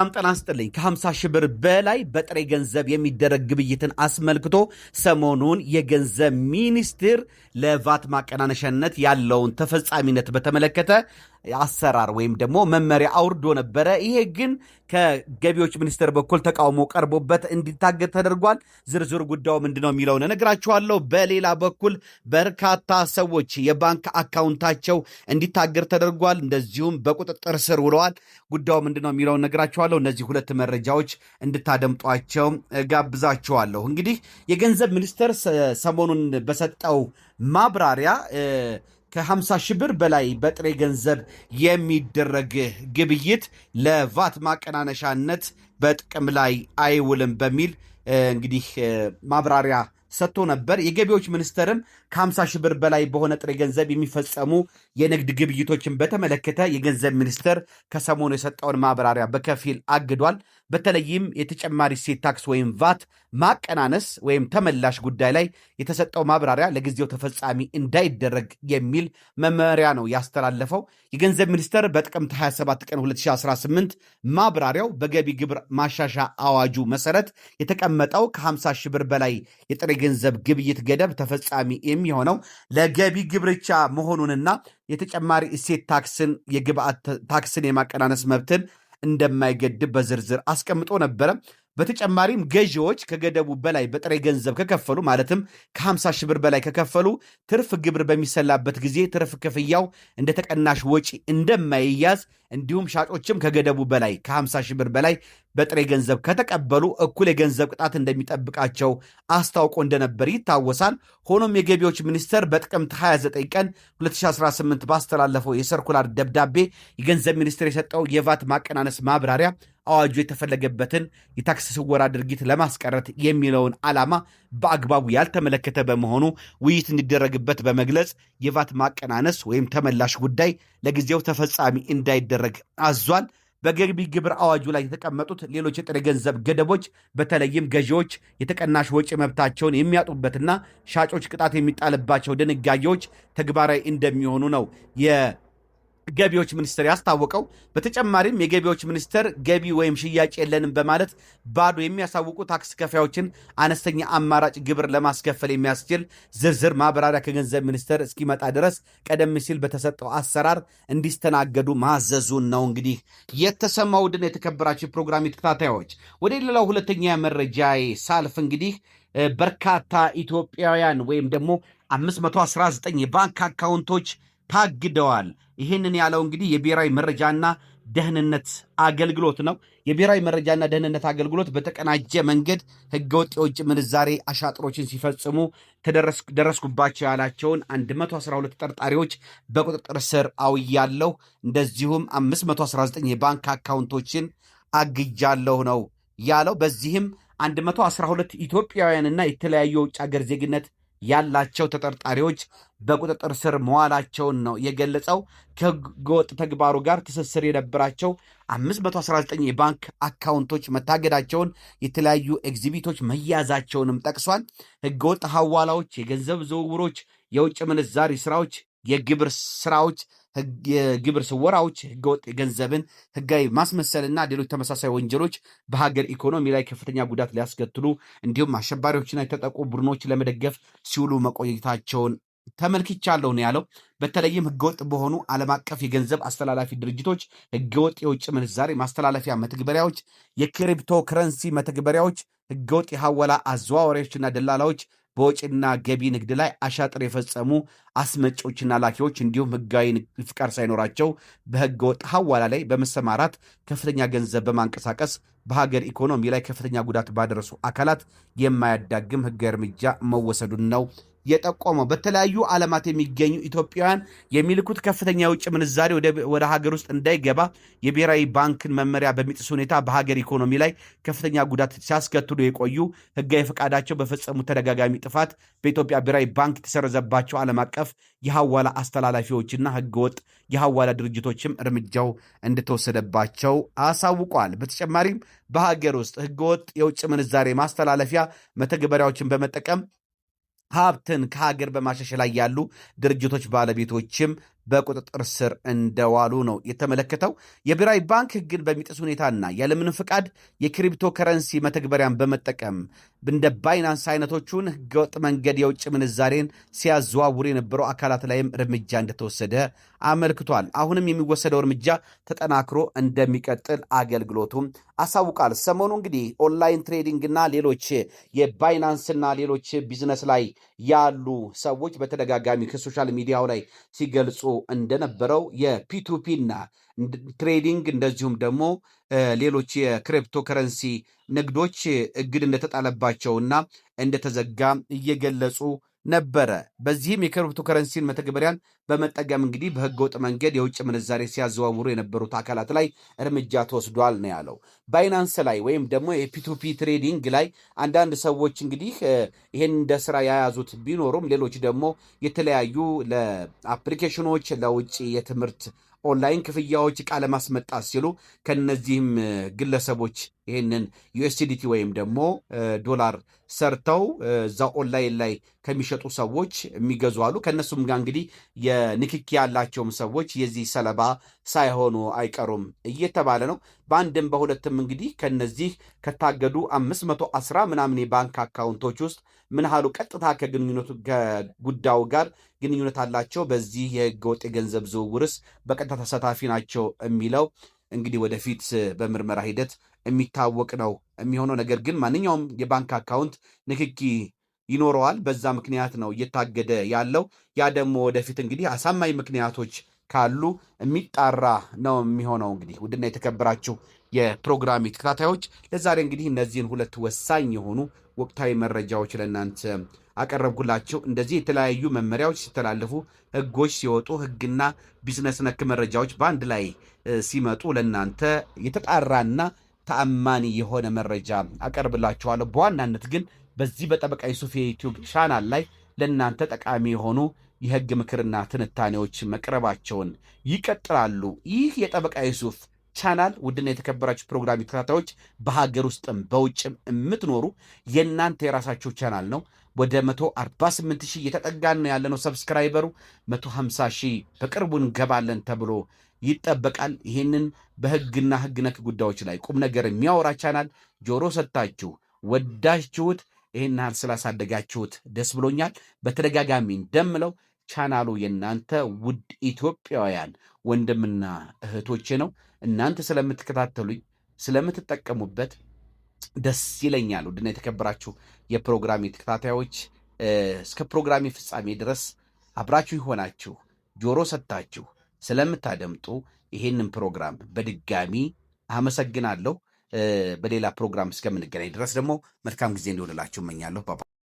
በጣም ጤና ይስጥልኝ። ከ50 ሺህ ብር በላይ በጥሬ ገንዘብ የሚደረግ ግብይትን አስመልክቶ ሰሞኑን የገንዘብ ሚኒስቴር ለቫት ማቀናነሻነት ያለውን ተፈጻሚነት በተመለከተ አሰራር ወይም ደግሞ መመሪያ አውርዶ ነበረ። ይሄ ግን ከገቢዎች ሚኒስቴር በኩል ተቃውሞ ቀርቦበት እንዲታገድ ተደርጓል። ዝርዝር ጉዳዩ ምንድነው የሚለውን እነግራችኋለሁ። በሌላ በኩል በርካታ ሰዎች የባንክ አካውንታቸው እንዲታገድ ተደርጓል፣ እንደዚሁም በቁጥጥር ስር ውለዋል። ጉዳዩ ምንድነው የሚለውን እነግራችኋለሁ። እነዚህ ሁለት መረጃዎች እንድታደምጧቸው ጋብዛችኋለሁ። እንግዲህ የገንዘብ ሚኒስቴር ሰሞኑን በሰጠው ማብራሪያ ከ50 ሺህ ብር በላይ በጥሬ ገንዘብ የሚደረግ ግብይት ለቫት ማቀናነሻነት በጥቅም ላይ አይውልም በሚል እንግዲህ ማብራሪያ ሰጥቶ ነበር። የገቢዎች ሚኒስቴርም ከ50 ሺህ ብር በላይ በሆነ ጥሬ ገንዘብ የሚፈጸሙ የንግድ ግብይቶችን በተመለከተ የገንዘብ ሚኒስቴር ከሰሞኑ የሰጠውን ማብራሪያ በከፊል አግዷል። በተለይም የተጨማሪ እሴት ታክስ ወይም ቫት ማቀናነስ ወይም ተመላሽ ጉዳይ ላይ የተሰጠው ማብራሪያ ለጊዜው ተፈጻሚ እንዳይደረግ የሚል መመሪያ ነው ያስተላለፈው። የገንዘብ ሚኒስቴር በጥቅምት 27 ቀን 2018 ማብራሪያው በገቢ ግብር ማሻሻ አዋጁ መሰረት የተቀመጠው ከ50 ሺህ ብር በላይ የጥሬ የገንዘብ ግብይት ገደብ ተፈጻሚ የሚሆነው ለገቢ ግብርቻ መሆኑንና የተጨማሪ እሴት ታክስን የግብአት ታክስን የማቀናነስ መብትን እንደማይገድብ በዝርዝር አስቀምጦ ነበረ። በተጨማሪም ገዢዎች ከገደቡ በላይ በጥሬ ገንዘብ ከከፈሉ ማለትም ከ50 ሺህ ብር በላይ ከከፈሉ ትርፍ ግብር በሚሰላበት ጊዜ ትርፍ ክፍያው እንደ ተቀናሽ ወጪ እንደማይያዝ እንዲሁም ሻጮችም ከገደቡ በላይ ከ50 ሺህ ብር በላይ በጥሬ ገንዘብ ከተቀበሉ እኩል የገንዘብ ቅጣት እንደሚጠብቃቸው አስታውቆ እንደነበር ይታወሳል። ሆኖም የገቢዎች ሚኒስቴር በጥቅምት 29 ቀን 2018 ባስተላለፈው የሰርኩላር ደብዳቤ የገንዘብ ሚኒስቴር የሰጠው የቫት ማቀናነስ ማብራሪያ አዋጁ የተፈለገበትን የታክስ ስወራ ድርጊት ለማስቀረት የሚለውን ዓላማ በአግባቡ ያልተመለከተ በመሆኑ ውይይት እንዲደረግበት በመግለጽ የቫት ማቀናነስ ወይም ተመላሽ ጉዳይ ለጊዜው ተፈጻሚ እንዳይደረግ እንዲደረግ አዟል። በገቢ ግብር አዋጁ ላይ የተቀመጡት ሌሎች የጥሬ ገንዘብ ገደቦች በተለይም ገዢዎች የተቀናሽ ወጪ መብታቸውን የሚያጡበትና ሻጮች ቅጣት የሚጣልባቸው ድንጋጌዎች ተግባራዊ እንደሚሆኑ ነው ገቢዎች ሚኒስቴር ያስታወቀው። በተጨማሪም የገቢዎች ሚኒስቴር ገቢ ወይም ሽያጭ የለንም በማለት ባዶ የሚያሳውቁ ታክስ ከፋዮችን አነስተኛ አማራጭ ግብር ለማስከፈል የሚያስችል ዝርዝር ማብራሪያ ከገንዘብ ሚኒስቴር እስኪመጣ ድረስ ቀደም ሲል በተሰጠው አሰራር እንዲስተናገዱ ማዘዙን ነው እንግዲህ የተሰማው። ድን የተከበራቸው ፕሮግራም ተከታታዮች ወደ ሌላው ሁለተኛ መረጃ ሳልፍ እንግዲህ በርካታ ኢትዮጵያውያን ወይም ደግሞ 519 የባንክ አካውንቶች ታግደዋል። ይህንን ያለው እንግዲህ የብሔራዊ መረጃና ደህንነት አገልግሎት ነው። የብሔራዊ መረጃና ደህንነት አገልግሎት በተቀናጀ መንገድ ህገወጥ የውጭ ምንዛሬ አሻጥሮችን ሲፈጽሙ ደረስኩባቸው ያላቸውን 112 ተጠርጣሪዎች በቁጥጥር ስር አውያለሁ፣ እንደዚሁም 519 የባንክ አካውንቶችን አግጃለሁ ነው ያለው። በዚህም 112 ኢትዮጵያውያንና የተለያዩ የውጭ ሀገር ዜግነት ያላቸው ተጠርጣሪዎች በቁጥጥር ስር መዋላቸውን ነው የገለጸው። ከህገወጥ ተግባሩ ጋር ትስስር የነበራቸው 519 የባንክ አካውንቶች መታገዳቸውን፣ የተለያዩ ኤግዚቢቶች መያዛቸውንም ጠቅሷል። ህገወጥ ሐዋላዎች፣ የገንዘብ ዝውውሮች፣ የውጭ ምንዛሪ ስራዎች፣ የግብር ስራዎች፣ የግብር ስወራዎች፣ ህገወጥ የገንዘብን ህጋዊ ማስመሰልና ሌሎች ተመሳሳይ ወንጀሎች በሀገር ኢኮኖሚ ላይ ከፍተኛ ጉዳት ሊያስከትሉ እንዲሁም አሸባሪዎችና የተጠቁ ቡድኖች ለመደገፍ ሲውሉ መቆየታቸውን ተመልክቻለሁ ነው ያለው። በተለይም ህገወጥ በሆኑ ዓለም አቀፍ የገንዘብ አስተላላፊ ድርጅቶች፣ ህገወጥ የውጭ ምንዛሬ ማስተላለፊያ መተግበሪያዎች፣ የክሪፕቶ ከረንሲ መተግበሪያዎች፣ ህገወጥ የሐወላ አዘዋዋሪዎችና ደላላዎች በወጪና ገቢ ንግድ ላይ አሻጥር የፈጸሙ አስመጪዎችና ላኪዎች እንዲሁም ህጋዊ ፍቃድ ሳይኖራቸው በህገ ወጥ ሐዋላ ላይ በመሰማራት ከፍተኛ ገንዘብ በማንቀሳቀስ በሀገር ኢኮኖሚ ላይ ከፍተኛ ጉዳት ባደረሱ አካላት የማያዳግም ህገ እርምጃ መወሰዱን ነው የጠቆመው በተለያዩ ዓለማት የሚገኙ ኢትዮጵያውያን የሚልኩት ከፍተኛ የውጭ ምንዛሬ ወደ ሀገር ውስጥ እንዳይገባ የብሔራዊ ባንክን መመሪያ በሚጥስ ሁኔታ በሀገር ኢኮኖሚ ላይ ከፍተኛ ጉዳት ሲያስከትሉ የቆዩ ህጋዊ ፈቃዳቸው በፈጸሙ ተደጋጋሚ ጥፋት በኢትዮጵያ ብሔራዊ ባንክ የተሰረዘባቸው ዓለም አቀፍ የሐዋላ አስተላላፊዎችና ህገወጥ የሐዋላ ድርጅቶችም እርምጃው እንደተወሰደባቸው አሳውቋል። በተጨማሪም በሀገር ውስጥ ህገወጥ የውጭ ምንዛሬ ማስተላለፊያ መተግበሪያዎችን በመጠቀም ሀብትን ከሀገር በማሸሽ ላይ ያሉ ድርጅቶች ባለቤቶችም በቁጥጥር ስር እንደዋሉ ነው የተመለከተው። የብሔራዊ ባንክ ሕግን በሚጥስ ሁኔታና ያለምንም ፍቃድ የክሪፕቶ ከረንሲ መተግበሪያን በመጠቀም እንደ ባይናንስ አይነቶቹን ሕገወጥ መንገድ የውጭ ምንዛሬን ሲያዘዋውሩ የነበረው አካላት ላይም እርምጃ እንደተወሰደ አመልክቷል። አሁንም የሚወሰደው እርምጃ ተጠናክሮ እንደሚቀጥል አገልግሎቱም አሳውቃል። ሰሞኑ እንግዲህ ኦንላይን ትሬዲንግና ሌሎች የባይናንስና ሌሎች ቢዝነስ ላይ ያሉ ሰዎች በተደጋጋሚ ከሶሻል ሚዲያው ላይ ሲገልጹ እንደነበረው የፒቱፒ እና ትሬዲንግ እንደዚሁም ደግሞ ሌሎች የክሪፕቶ ከረንሲ ንግዶች እግድ እንደተጣለባቸውና እንደተዘጋ እየገለጹ ነበረ። በዚህም የክሪፕቶ ከረንሲን መተግበሪያን በመጠቀም እንግዲህ በህገወጥ መንገድ የውጭ ምንዛሬ ሲያዘዋውሩ የነበሩት አካላት ላይ እርምጃ ተወስዷል ነው ያለው። ባይናንስ ላይ ወይም ደግሞ የፒቱፒ ትሬዲንግ ላይ አንዳንድ ሰዎች እንግዲህ ይህን እንደ ስራ የያዙት ቢኖሩም ሌሎች ደግሞ የተለያዩ ለአፕሊኬሽኖች ለውጭ የትምህርት ኦንላይን ክፍያዎች ቃለማስመጣት ሲሉ ከነዚህም ግለሰቦች ይህንን ዩኤስዲቲ ወይም ደግሞ ዶላር ሰርተው እዛ ኦንላይን ላይ ከሚሸጡ ሰዎች የሚገዙ አሉ። ከእነሱም ጋር እንግዲህ የንክኪ ያላቸውም ሰዎች የዚህ ሰለባ ሳይሆኑ አይቀሩም እየተባለ ነው። በአንድም በሁለትም እንግዲህ ከነዚህ ከታገዱ አምስት መቶ አስራ ምናምን የባንክ አካውንቶች ውስጥ ምን ያህሉ ቀጥታ ከግንኙነቱ ከጉዳዩ ጋር ግንኙነት አላቸው፣ በዚህ የህገወጥ የገንዘብ ዝውውርስ በቀጥታ ተሳታፊ ናቸው የሚለው እንግዲህ ወደፊት በምርመራ ሂደት የሚታወቅ ነው የሚሆነው። ነገር ግን ማንኛውም የባንክ አካውንት ንክኪ ይኖረዋል። በዛ ምክንያት ነው እየታገደ ያለው። ያ ደግሞ ወደፊት እንግዲህ አሳማኝ ምክንያቶች ካሉ የሚጣራ ነው የሚሆነው። እንግዲህ ውድና የተከበራችሁ የፕሮግራሚ ተከታታዮች ለዛሬ እንግዲህ እነዚህን ሁለት ወሳኝ የሆኑ ወቅታዊ መረጃዎች ለእናንተ አቀረብኩላቸው። እንደዚህ የተለያዩ መመሪያዎች ሲተላለፉ፣ ህጎች ሲወጡ፣ ህግና ቢዝነስ ነክ መረጃዎች በአንድ ላይ ሲመጡ ለእናንተ የተጣራና ተአማኒ የሆነ መረጃ አቀርብላችኋለሁ። በዋናነት ግን በዚህ በጠበቃ ዩሱፍ የዩቲዩብ ቻናል ላይ ለእናንተ ጠቃሚ የሆኑ የህግ ምክርና ትንታኔዎች መቅረባቸውን ይቀጥላሉ። ይህ የጠበቃ ዩሱፍ ቻናል ውድና የተከበራችሁ ፕሮግራም ተከታታዮች በሀገር ውስጥም በውጭም የምትኖሩ የእናንተ የራሳችሁ ቻናል ነው። ወደ 148 ሺህ እየተጠጋን ነው ያለነው ሰብስክራይበሩ 150 ሺህ በቅርቡ እንገባለን ተብሎ ይጠበቃል። ይህንን በህግና ህግ ነክ ጉዳዮች ላይ ቁም ነገር የሚያወራ ቻናል ጆሮ ሰጥታችሁ ወዳችሁት ይህን ያህል ስላሳደጋችሁት ደስ ብሎኛል። በተደጋጋሚ እንደምለው ቻናሉ የእናንተ ውድ ኢትዮጵያውያን ወንድምና እህቶች ነው። እናንተ ስለምትከታተሉኝ ስለምትጠቀሙበት ደስ ይለኛል። ውድና የተከበራችሁ የፕሮግራም ተከታታዮች እስከ ፕሮግራም ፍጻሜ ድረስ አብራችሁ የሆናችሁ ጆሮ ሰጥታችሁ ስለምታደምጡ ይሄንን ፕሮግራም በድጋሚ አመሰግናለሁ። በሌላ ፕሮግራም እስከምንገናኝ ድረስ ደግሞ መልካም ጊዜ እንዲሆንላችሁ እመኛለሁ።